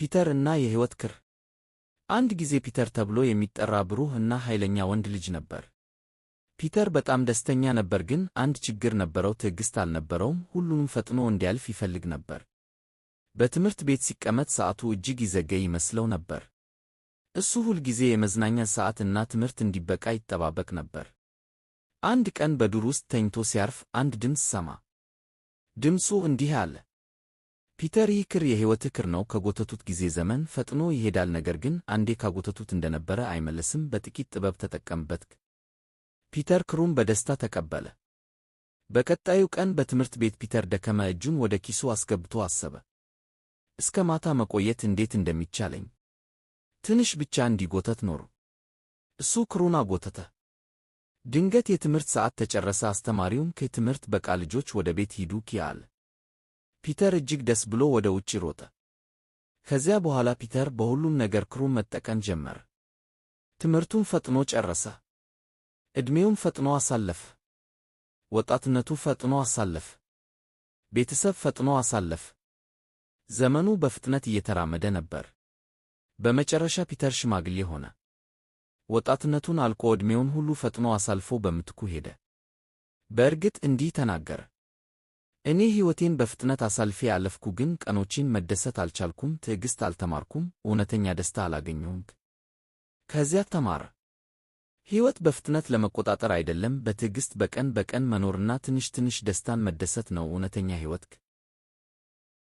ፒተር እና የሕይወት ክር። አንድ ጊዜ ፒተር ተብሎ የሚጠራ ብሩህ እና ኃይለኛ ወንድ ልጅ ነበር። ፒተር በጣም ደስተኛ ነበር፣ ግን አንድ ችግር ነበረው፤ ትዕግሥት አልነበረውም። ሁሉንም ፈጥኖ እንዲያልፍ ይፈልግ ነበር። በትምህርት ቤት ሲቀመጥ ሰዓቱ እጅግ ይዘገይ ይመስለው ነበር። እሱ ሁል ጊዜ የመዝናኛ ሰዓት እና ትምህርት እንዲበቃ ይጠባበቅ ነበር። አንድ ቀን በዱር ውስጥ ተኝቶ ሲያርፍ አንድ ድምፅ ሰማ። ድምፁ እንዲህ አለ ፒተር ይህ ክር የሕይወትህ ክር ነው። ከጎተቱት ጊዜ ዘመን ፈጥኖ ይሄዳል፣ ነገር ግን አንዴ ካጎተቱት እንደነበረ አይመለስም። በጥቂት ጥበብ ተጠቀምበት። ፒተር ክሩን በደስታ ተቀበለ። በቀጣዩ ቀን በትምህርት ቤት ፒተር ደከመ። እጁን ወደ ኪሱ አስገብቶ አሰበ። እስከ ማታ መቆየት እንዴት እንደሚቻለኝ ትንሽ ብቻ እንዲጎተት ኖሩ። እሱ ክሩን አጎተተ። ድንገት የትምህርት ሰዓት ተጨረሰ። አስተማሪውም ከትምህርት በቃ ልጆች ወደ ቤት ሂዱ ኪ አለ። ፒተር እጅግ ደስ ብሎ ወደ ውጭ ሮጠ። ከዚያ በኋላ ፒተር በሁሉም ነገር ክሩም መጠቀም ጀመረ። ትምህርቱም ፈጥኖ ጨረሰ። ዕድሜውም ፈጥኖ አሳለፍ። ወጣትነቱ ፈጥኖ አሳለፍ። ቤተሰብ ፈጥኖ አሳለፍ። ዘመኑ በፍጥነት እየተራመደ ነበር። በመጨረሻ ፒተር ሽማግሌ ሆነ። ወጣትነቱን አልቆ ዕድሜውን ሁሉ ፈጥኖ አሳልፎ በምትኩ ሄደ። በእርግጥ እንዲህ ተናገረ። እኔ ሕይወቴን በፍጥነት አሳልፌ ያለፍኩ ግን ቀኖቼን መደሰት አልቻልኩም። ትዕግሥት አልተማርኩም፣ እውነተኛ ደስታ አላገኘሁም። ከዚያ ተማረ። ሕይወት በፍጥነት ለመቆጣጠር አይደለም፣ በትዕግሥት በቀን በቀን መኖርና ትንሽ ትንሽ ደስታን መደሰት ነው እውነተኛ ሕይወት።